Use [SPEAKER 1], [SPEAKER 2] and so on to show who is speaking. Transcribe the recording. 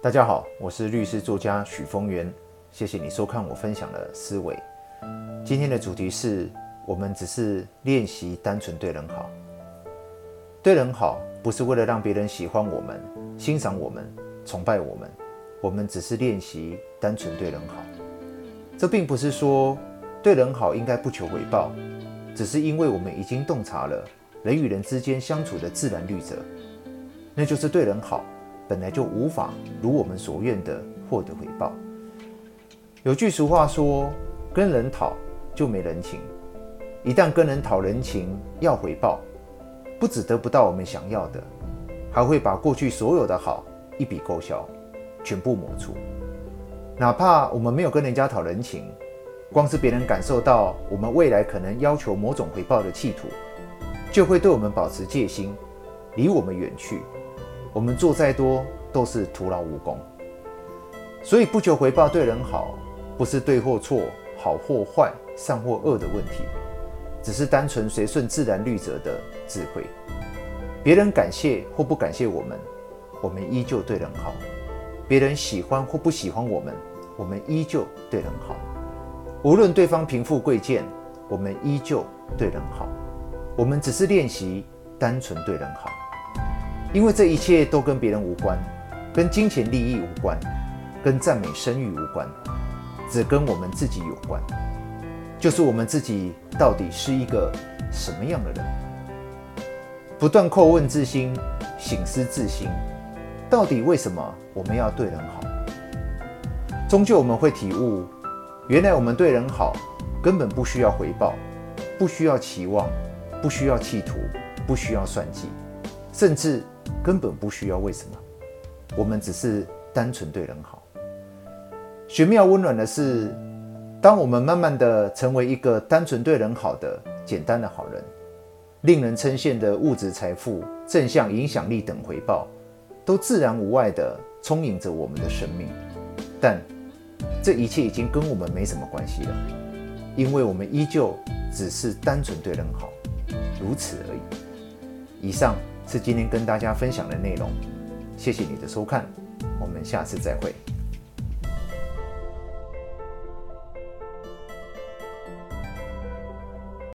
[SPEAKER 1] 大家好，我是律師作家許峰源，謝謝你收看我分享的思維。今天的主題是我們只是練習單純對人好，對人好不是為了讓別人喜歡我們、欣賞我們、崇拜我們，我們只是練習單純對人好。這並不是說對人好應該不求回報，只是因為我們已經洞察了人與人之間相處的自然律則，那就是對人好，本來就無法如我們所願的獲得回報。有句俗話說：“跟人討就沒人情。”一旦跟人討人情要回報，不只得不到我們想要的，還會把過去所有的好一筆勾銷，全部抹除。哪怕我們沒有跟人家討人情，光是別人感受到我們未來可能要求某種回報的企圖，就會對我們保持戒心，離我們遠去。我們做再多都是徒勞無功，所以不求回報對人好，不是對或錯、好或壞、善或惡的問題，只是單純隨順自然律則的智慧。別人感謝或不感謝我們，我們依舊對人好；別人喜歡或不喜歡我們，我們依舊對人好。無論對方貧富貴賤，我們依舊對人好。我們只是練習單純對人好。因為這一切都跟別人無關，跟金錢利益無關，跟讚美聲譽無關，只跟我們自己有關。就是我們自己到底是一個什麼樣的人？不斷叩問自心，省思自心，到底為什麼我們要對人好？終究我們會體悟，原來我們對人好根本不需要回報，不需要期望，不需要企圖，不需要，不需要算計，甚至。根本不需要為什麼，我們只是單純對人好。玄妙溫暖的是，當我們慢慢的成為一個單純對人好的簡單的好人，令人稱羨的物質財富、正向影響力等回報，都自然無外的充盈着我們的生命。但這一切已經跟我們沒什麼關係了，因為我們依舊只是單純對人好，如此而已。以上。是今天跟大家分享的內容，謝謝你的收看，我們下次再會。